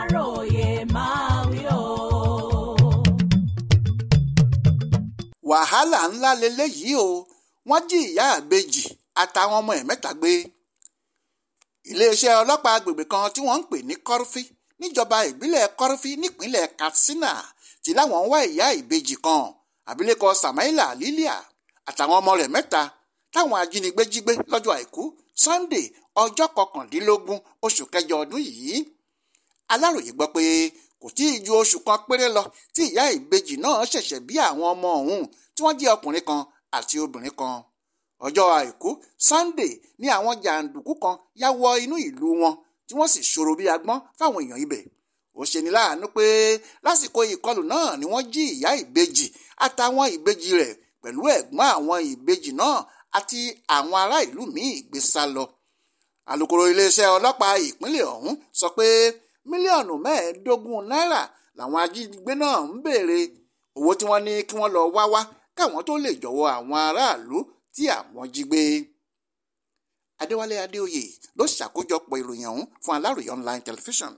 aláròye máa wí o. wàhálà ńlá leléyìí o wọ́n jí ìyá àbejì àtàwọn ọmọ ẹ̀ mẹ́ta gbé iléeṣẹ́ ọlọ́pàá agbègbè kan tí wọ́n ń pè ní kọ́rfí níjọba ìbílẹ̀ kọ́rfí nípínlẹ̀ Katsina tí láwọn ń wá ìyá ìbejì kan abilékọ Samaila Lilia àtàwọn ọmọ rẹ̀ mẹ́ta táwọn ajínigbé jí gbé lọ́jọ́ àìkú Sunday ọjọ́ kọkàndínlógún oṣù kẹjọ ọdún yìí aláròye gbọ́ pé kò tí ì ju oṣù kan péré lọ tí ìyá ìbejì náà ṣẹ̀ṣẹ̀ bí àwọn ọmọ ọ̀hún tí wọ́n jẹ́ ọkùnrin kan àti obìnrin kan ọjọ́ àìkú Sunday ni àwọn jàǹdùkú kan yá wọ inú ìlú wọn tí wọ́n sì ṣòro bí agbọ́n fáwọn èèyàn ibẹ̀ ó ṣeni láàánú pé lásìkò ìkọlù náà ni wọ́n jí ìyá ìbejì àtàwọn ìbejì rẹ̀ pẹ̀lú ẹ̀gbọ́n àwọn ìbejì náà àti àwọn ará ìlú míì gbé sá lọ alukoro iléeṣẹ́ ọlọ́pàá ìpínlẹ̀ ọ̀hún sọ pé mílíọ̀nù mẹ́ẹ̀ẹ́dógún náírà làwọn ajínigbé náà ń béèrè owó tí wọ́n ní kí wọ́n lọ wá wá káwọn tó lè jọ̀wọ́ àwọn aráàlú tí àwọn jí gbé. Adéwálé Adéoyè ló ṣàkójọpọ̀ ìròyìn ọ̀hún fún Aláròyé online television.